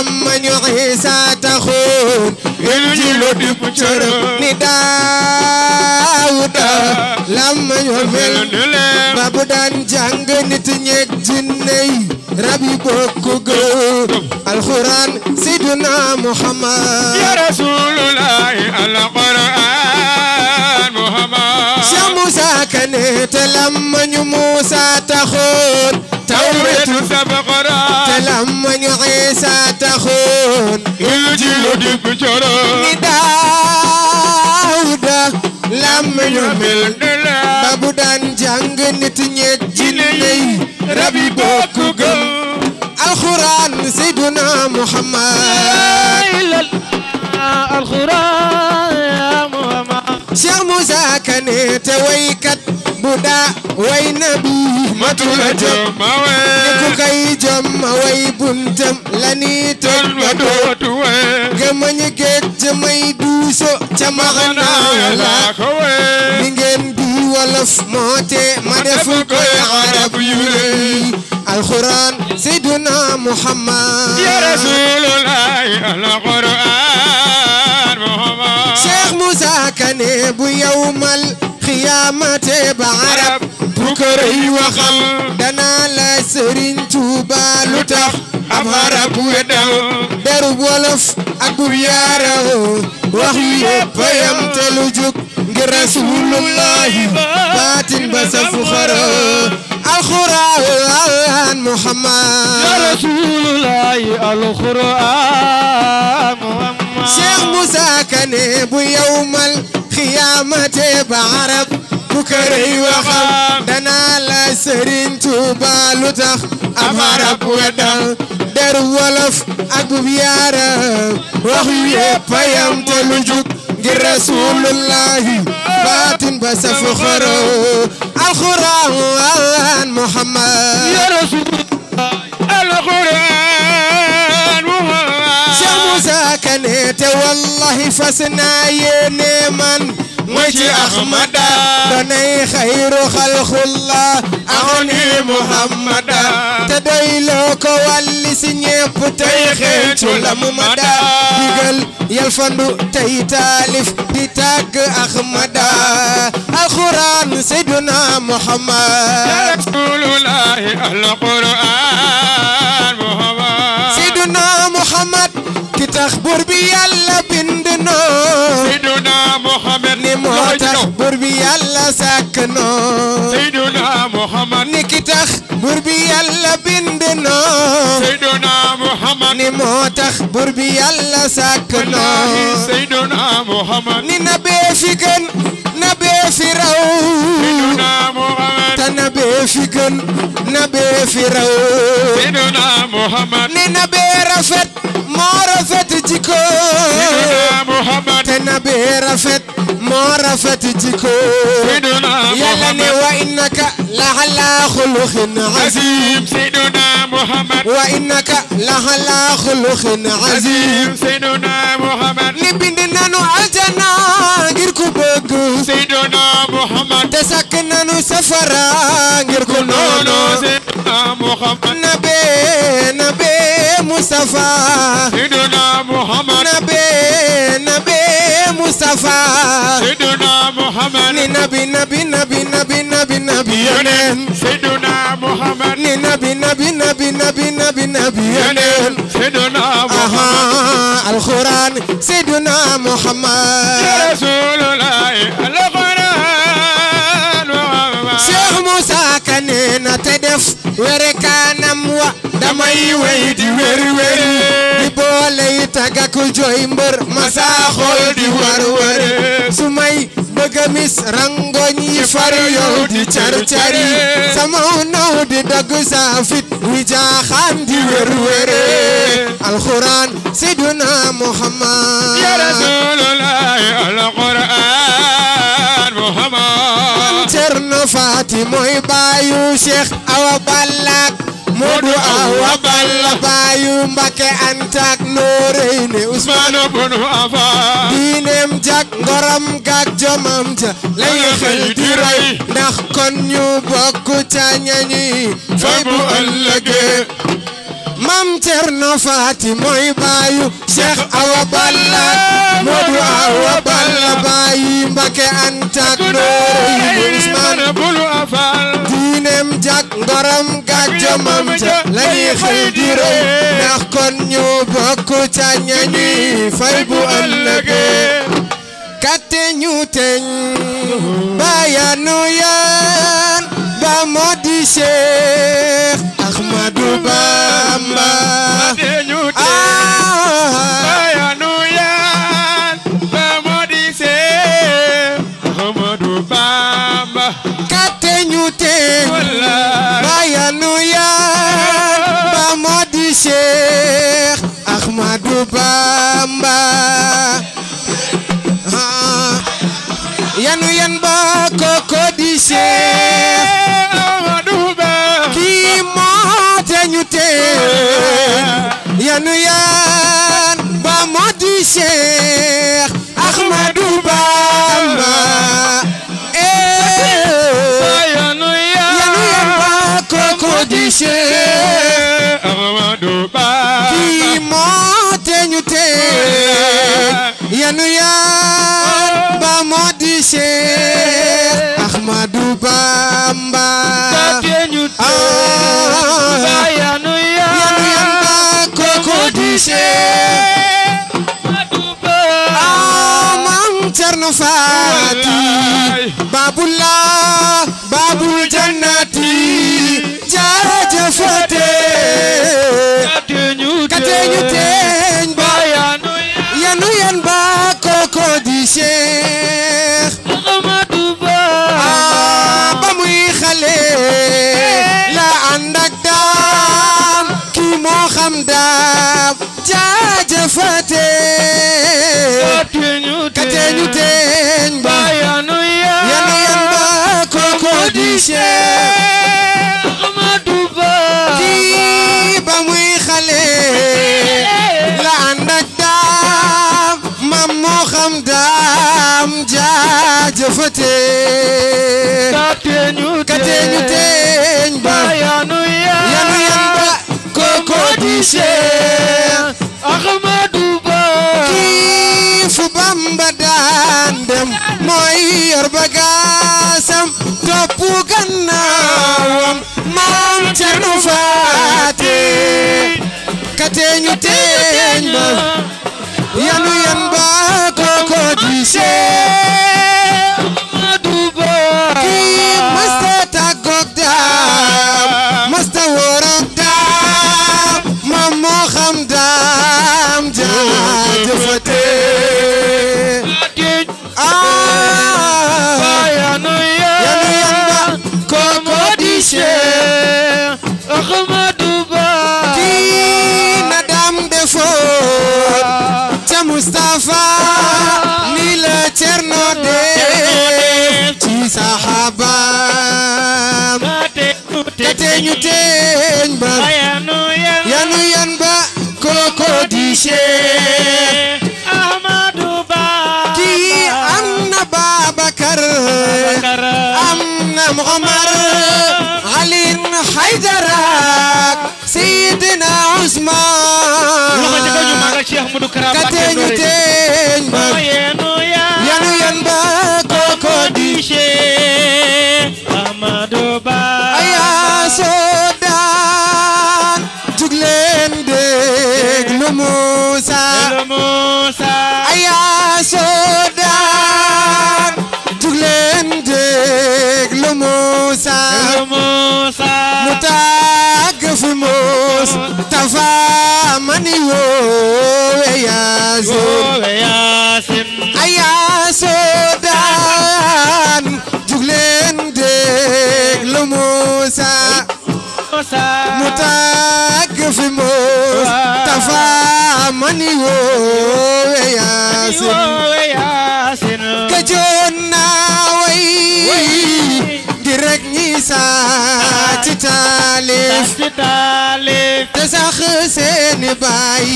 لما يغهي ساتخون الجيل دبشر نداود لما يغهي بابدان جانج نتنيك جني ربي بوكوغ القرآن سيدنا محمد يا رسول الله الله ne te làmmañu Muusa taxoon tawretu sabaqara te làmmañu Iisa taxoon illu ji lu dikk coro ni Daawuda làmmañu mel ba bu daan jàng nit ñeet jinne yi rab yi bokk gëm alxuraan Seyduna Muhammad alxuraan Cheikh Moussa ne te waykat bu way na bi matula jom ne ku kay jom ma way buntam la nii toj ma dootu gëmëñ ja may duuso ca maxanaa la ni ngeen bi wolof moo te ma def ko arab yu rëy alxuraan seyduna muhammad ya rasuulullahi alxuraan muhammad Cheikh Moussa Kane bu yawmal xiyaamate ba arab bu kër yi waxal danaa la sëriñ Tuuba lu tax ab arab wedal deru wolof ak bu yaaroo wax yu yëpp yam te lu jóg ngir rasulullahi baatin ba sa fu xaroo alxuraan muhammad ya rasulullahi alxuraan شيخ موسى كنيب يوم الخيامة بعرب بكري وخم دنا لا سرين توبا لتخ أما رب ودم در ولف أقب يا رب وخي يبايم تلجوك رسول الله باتن بس فخرو القرآن محمد يا رسول الله القرآن محمد ka ne te wallahi fas naa yéene man mu ci ahmada danay xayru xalxulla axoni muhammada te doy loo ko walli si ñépp tey xeecu la mu ma da digal yal fandu tey taalif di tàgg ahmada alquran sayduna muhammad rasulullah alquran tax buur bi yàlla bind noo Seydina Muhammad ni moo tax buur bi yàlla sàkk noo Seydina Muhammad ni ki tax buur bi yàlla bind noo Seydina Muhammad ni moo tax buur bi yàlla sàkk noo Seydina Muhammad ni na bee fi gën na bee fi raw Seydina Muhammad te na bee fi gën na bee fi raw Seydina Muhammad ni na bee rafet be rafet moo rafet jikko yàlla ne wa innaka la ala xuluqin azim sayyiduna muhammad wa innaka la ala xuluqin azim sayyiduna muhammad ni bind nanu aljana ngir ku bëgg sayyiduna muhammad te sakk nanu safara ngir ku noonu sayyiduna muhammad nabe nabe mustafa sayyiduna ينين سيدنا محمد نبي نبي نبي نبي نبي نبي ينين سيدنا محمد القرآن سيدنا محمد يا رسول الله القرآن محمد شيخ موسى كان تدف وركانم ودمي ويدي وري وري boole yi tàggaku jooy mbër masaa xool di war war su may bëgga mis yi far yow di carcari sama naw di dagg sa wi jaaxaan di wér wéré alxuraan siduna muhammad ya rasulullahi alxuraan muhammad cerno faati mooy baayu cheikh awa ballak moodu awa Yàlla baayu Mbàkke antak nooreene Usmaanu bunu Affaan diineem jak ngoram gak jomam ja lay xel di roy ndax kon ñu bokk ca ñañi fay bu ëllëgee Mam Cerno Faati mooy baayu Cheikh Awa Balla Moodu Awa yàlla bàyyi Mbàkke antak nooru Usmaan bulu afal diinem jak ngoram gàjjamam ja lañuy xel di roy kon ñu bokk ca ñañi fay bu ëllëgee katte ñu teñ bayanu yaan ba moo di Cheikh Ahmadou Bamba te bayanu ya ba moo di Cheikh Ahmadou Bamba yanu ba koko di Cheikh Ahmadou kii moo te ñu te ba moo di Cheikh Ahmadou Bamba kii moo teñu tee yanu yaa ba moo di Cheikh Ahmadou Bamba moo teñu tee ba yanu yaa koko di Cheikh Ahmadou Bamba ah, maam Cerno Faati cher Ramadouba Ba ah, ba muy la ànd ak daam kii moo xam daam jaajëfate kateñu teeñ ba yanu yan ba koko di Cheikh jëfatee. ka teeñu teeñ ka teeñu teeñ ba. yanu yan ba. kooku di Cheikh. Ahmadou Ba. kii fu Bamba daan dem. mooy yor bagaasam. topp gannaawam. moom ca nu faatee. ka teeñu teeñ ba. Mustafa ni la Cerno ci saxaabaam te teñu teñ ba yanu yan ba di Cheikh Ahmadou Ba kii am na Babacar am na Omar Ali Haydara Seydina Ousmane Musa ayaa soodaan jug leen déglu Musa mu tàgg fi muus tafa mani woowe yaasin ayaa soodaan jug leen déglu Musa mu tàgg fi muus tafa mani woowe yaasin gëjoon naa way di rek ñi saa ci taalif te sax seeni baay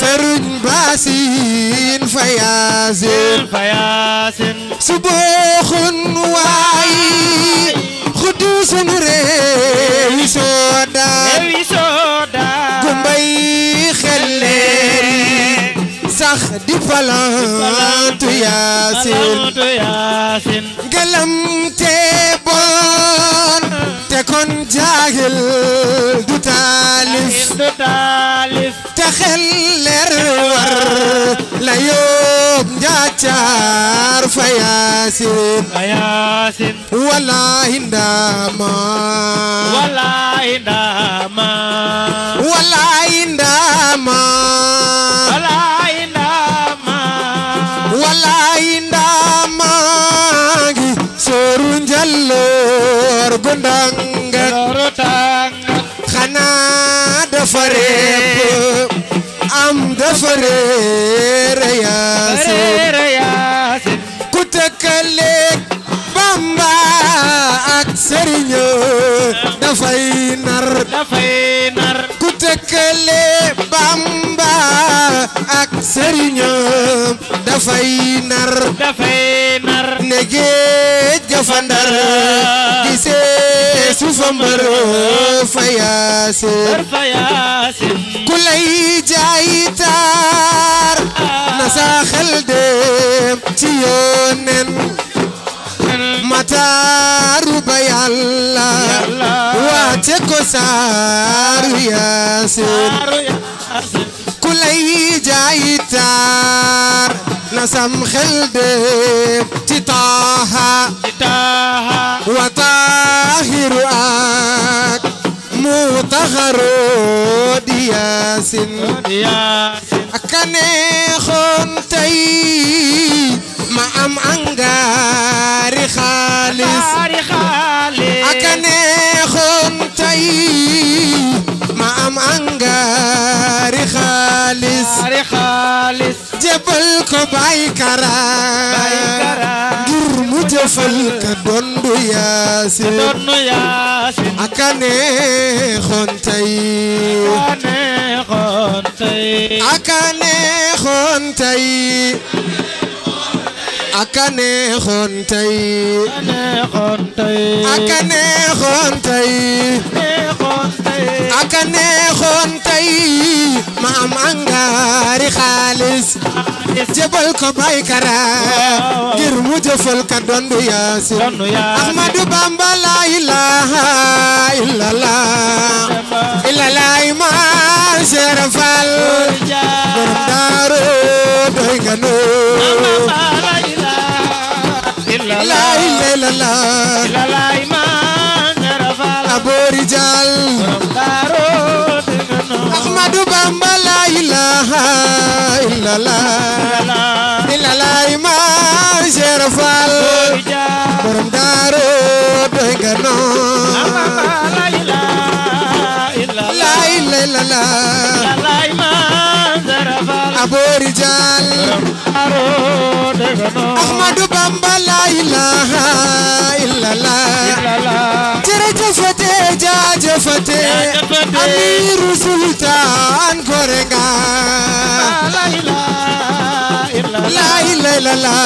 feruñ baasin fa yaasin su booxun waay xuduusun reewi soodaa sax di falantu yaasin gelam te bon te kon jaagil du taalif te xel leer war la yóob njaacaar fa yaasin walaahi ndaama walaahi ndaama walaahi ndaama wareere yaasin ku tëkkaleek Bamba ak sëriñë dafay nar ku tëkkaleek Bamba ak sëriñë dafay nar ne géej ga fa Ndar gisee يسوس مبر فياسر كل جاي تار نسا خلدم تيونن mataaru ba yàlla waate ko saaru yaasin ku lay jaay taar na sam xel dem ci taaha نصير آك متخر دياسن أكني خنتي ما أم أنغاري خالص أكني خنتي ما أم أنغاري خالص باري خالص جبل كو باي كرا باي كرا غير مجفل اكاني خونتي اكاني خونتي اكاني خونتي akane xontay akane xontay akane xontay ma am angaari xaalis jëbal ko baykara ngir mu jëfal ka dondu yaasin ahmadu bamba la ilaha illallah illallah ma serafal borom daaru doy nga noo لا لا لا لا لا إيمان رفال أبو رجال أحمد بامبا لا إله إلا لا إلا لا إيمان رفال برم دارو دغنو لا إله إلا لا لا لا إيمان رفال أبو رجال أحمد ilaha illallah jërëjëfate jaajëfate amiru sultaan gore nga la ilaha illallah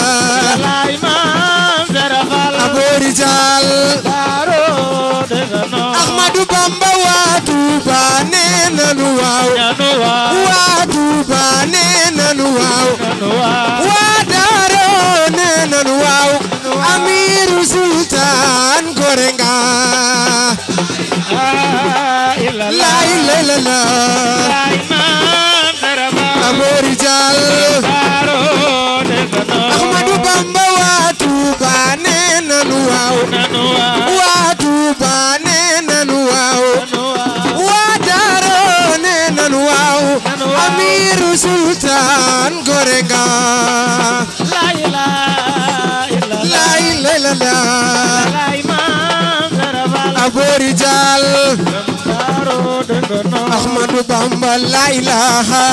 aboori jaal ahmadu bamba waa tuuba nee nanu waaw waa tuuba nee nanu waaw sultan gorenga la ilaha illallah amori jal ahmadu bamba watu bane nanu waw watu bane nanu waw amiru sultan gorenga laylana abu rijal ahmadu bamba la ilaha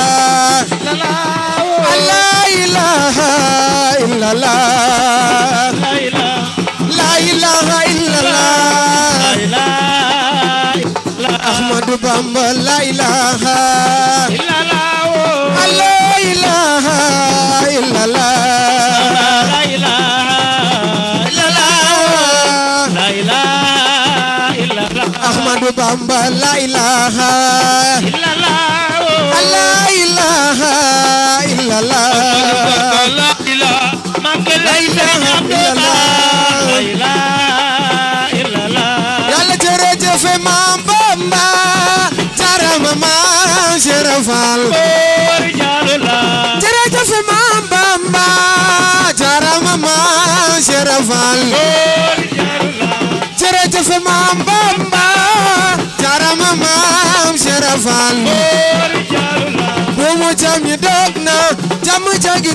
la ilaha illallah la ilaha illallah ahmadu bamba la ilaha la ilaha illallah la ilaha illallah Ahmadu Bamba la ilaha illallah la ilaha illallah la ilaha illallah Yàlla jërëjëf Maam Bamba jarama ma jerafal jërëjëf Maam Bamba jarama ma jerafal sant sa maam Bamba jaarama maam Serafal bu mu jam ñi dog na jam jagi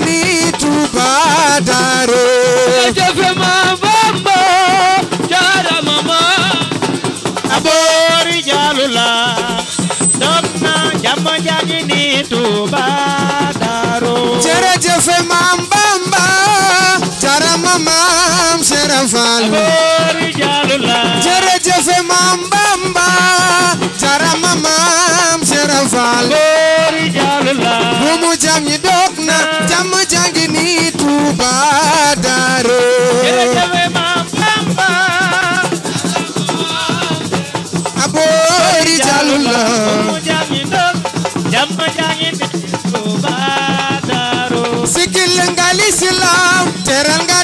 buumu jàmm yi dog na jàmm jàngi ni Tuuba Daaro aboori jàll la sikil nga lislaam teral nga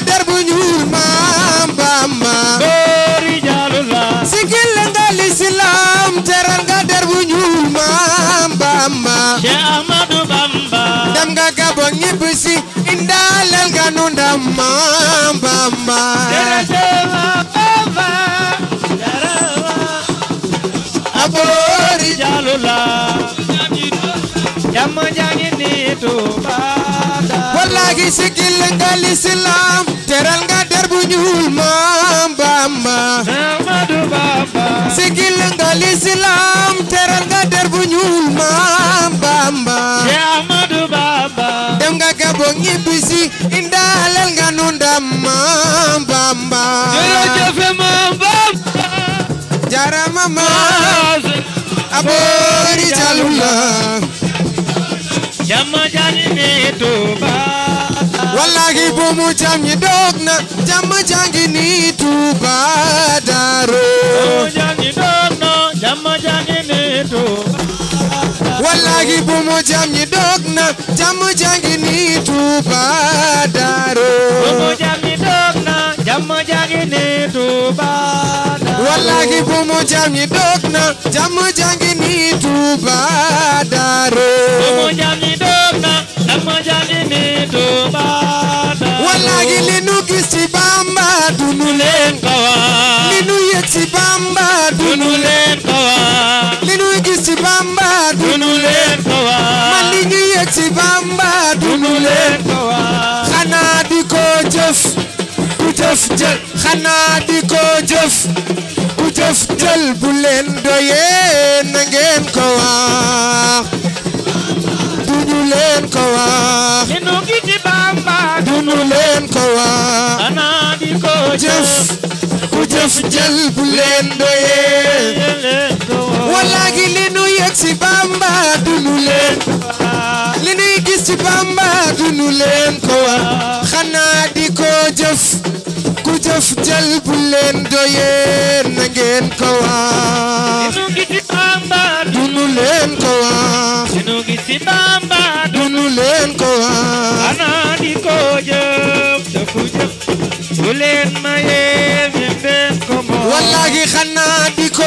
daga bangi bisi indalal ganunda mambamba darajala bamba darala abori jalula jamu jangi ni tuba wallahi sikil ngal islam teral nga der bu ñuul mambamba amadu bamba sikil ngal islam teral nga der yeah. a boo ñibbisi indaaleel nga nu bu mu jam ñi doog na jama jangi ni Tuuba daaro jama jani wallaahi bu jam ñi dog na jam mu jam ñi dog na wallaahi bu jam ñi dog na jam jangi ni Tuuba Daaru bu mu jam ñi dog na jam jangi ni Tuuba Daaru wallaahi li nu ci Bamba dunu leen ko nu leen ko ci Bamba dunu leen ko wax xanaa di ko jëf ku jëf jël xanaa di ko jëf ku jëf jël bu leen doyee na ngeen ko wax dunu leen ko wax ñu ngi ci Bamba dunu leen ko wax xanaa di ko jëf ku jëf jël bu leen doyee walaagi li nu yëg ci Bamba dunu leen li gis xanaa di ko jëf ku leen doyee na ngeen ko wax dunu leen ko xanaa di ko jëf ku jëf leen mayee ngeen ko moom walaagi xanaa di ko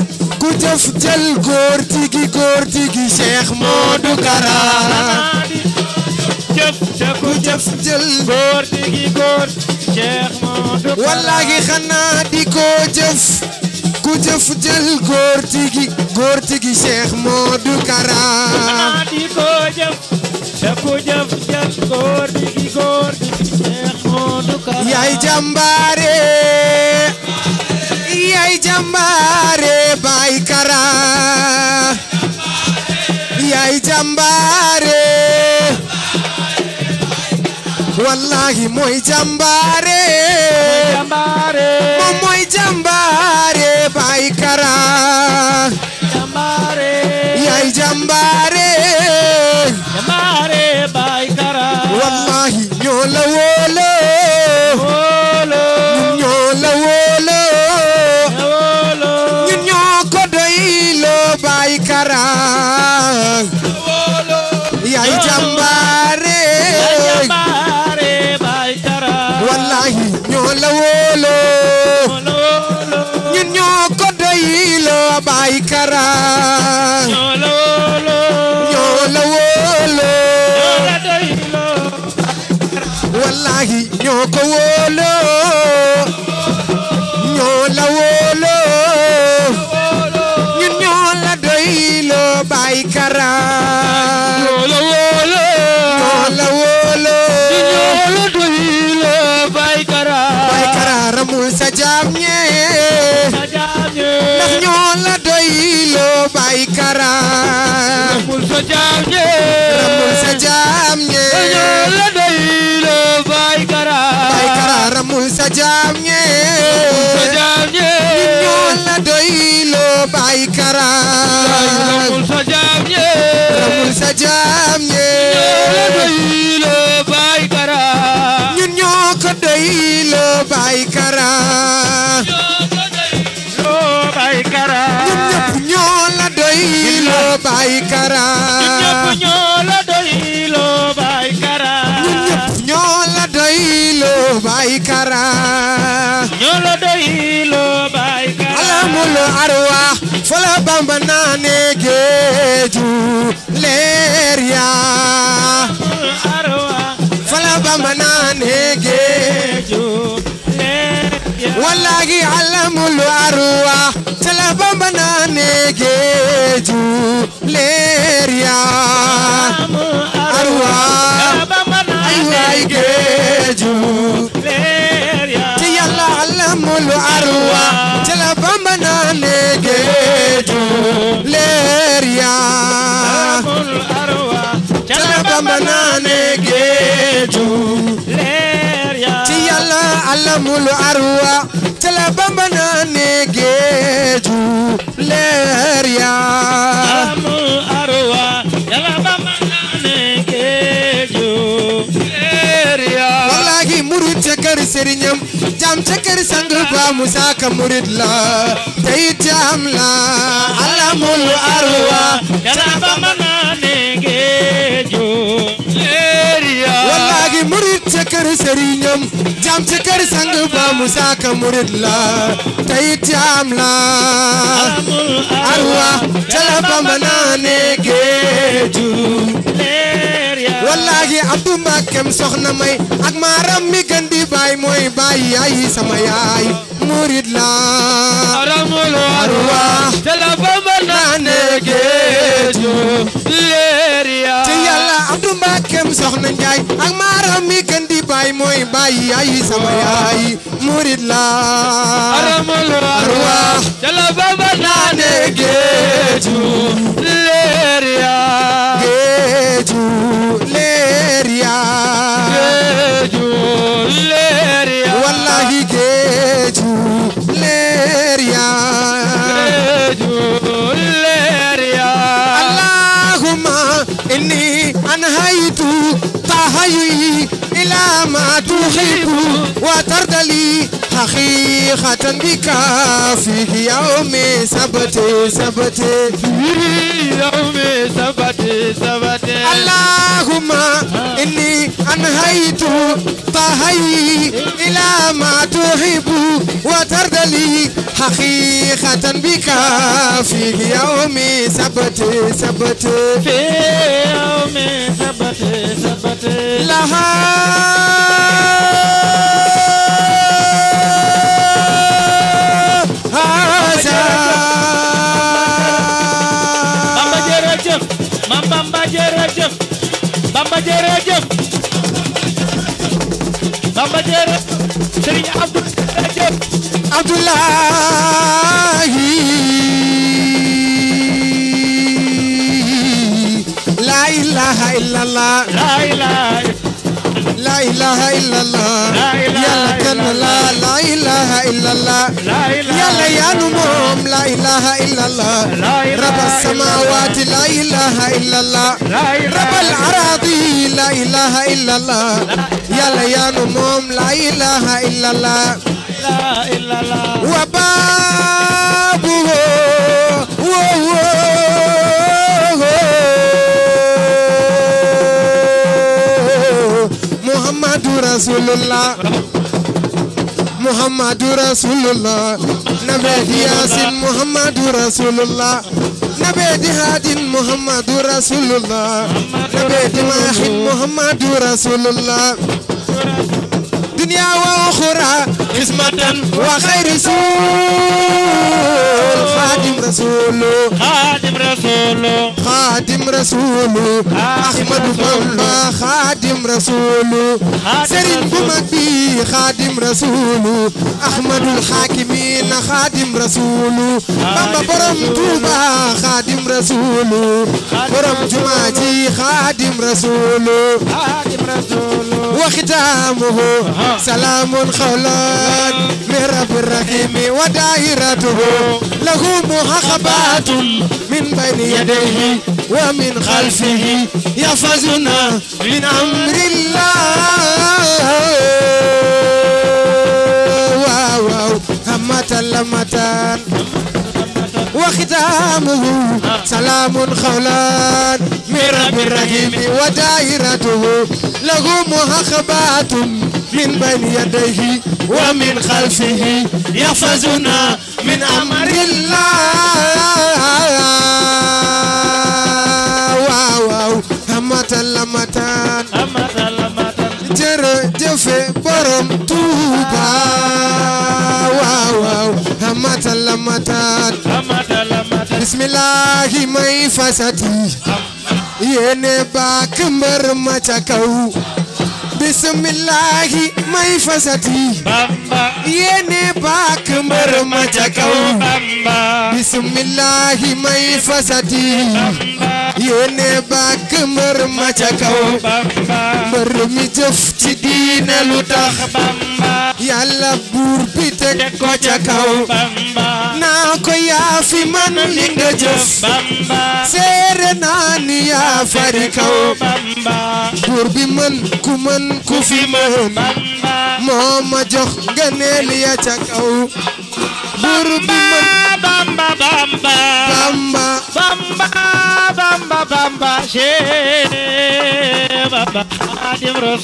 ku jëf jël góor tigi góor Kara ku jëf yaay jàmbaare baay kara yaay jàmbaare wallahi mooy jàmbaare moom mooy jàmbaare baay kara yaay jàmbaare Sankara ñoo la wóolo ñoo la wóolo ñoo la doylo wallaahi ñoo ko wóolo ay karaan ramul sa jaam ñe ramul sa jaam ñe ñoo la day lo bay karaan bay karaan ramul sa jaam ñe sa jaam ñe ñoo la doy lo bay karaan ramul sa jaam ñe ramul sa jaam ñe ñoo la doy lo bay karaan ñun ñoo ko doy lo bay karaan ñoo ko doy lo bay karaan doy loo bàyyi kara ñun ñëpp ñoo la doy loo bàyyi kara ñun ñëpp la doy loo bàyyi la doy loo alamul arwa fa la bamba naane géeju leer yaa wallahi alamul arwah talaba banane geju leria arwah ay geju leria ti yalla arwah talaba banane geju leria arwah talaba alamul arwa ca arwa ca la Bamba naanee géeju leer ya wallaahi murid ca kër sëriñam jaam ca kër sang ba Musaa Ka murid la tey jaam la arwa ca la Bamba naanee géeju Agi murid cakar serinyam Jam cakar sanggup musaka murid la Tai jam la Arwah jala pamanane geju wallaahi Abdou Mbakem soxna may ak ma mi gën di baay mooy baay yaay sama yaay murid la aramul arwa tala bamba nane geeju leeriya ci yàlla Abdou Mbakem soxna njaay ak maaram mi gën baay mooy baay yaay sama yaay murid la aramul arwa لي حقيقة بك في يوم سبت سبت في يوم سبت اللهم إني أنهيت طهي إلى ما تحب وترد لي حقيقة بك في يوم سبت سبت في يوم سبت سبت لها الله لا اله إلا الله لا اله الا الله يا لكن لا لا اله الا الله يا ليانوم لا اله الا الله رب السماوات لا اله الا الله رب الاراضي لا اله الا الله يا ليانوم لا اله الا الله محمد رسول الله نبي ياسين محمد رسول الله نبي هادين محمد رسول الله نبي ماحين محمد رسول الله دنيا واخره ismatan wa khayri rasul khadim rasul khadim rasul khadim rasul ahmadu bamba khadim rasul serigne bu mag bi khadim rasul ahmadul hakimin khadim rasul bamba borom touba khadim rasul borom jumaa ji khadim rasul khadim rasul وختامه سلام خولان من رب الرحيم ودائرته له محقبات من بين يديه ومن خلفه يحفظنا من أمر الله واو واو همة لمتان وختامه سلام خولان من رب الرحيم ودائرته له مهخبات من بين يديه ومن خلفه يفزنا من أمر الله واو واو همة لمتان همة لمتان جر جف برم توبا la mataat bismillaahi may fasati baak mbër ma ca kaw may fasati baak mbër ma ca kaw may fasati yéene baak mbër ma ca kaw mbër mi jëf ci diine lu tax yàlla buur bi teg ko ca kaw naa ko yaa fi man li nga jëf seere naa ni yaa fari kaw buur bi mën ku mën ku fi mën moo ma jox ngëneel ya ca kaw buur bi mën bamba bamba bamba bamba bamba bamba bamba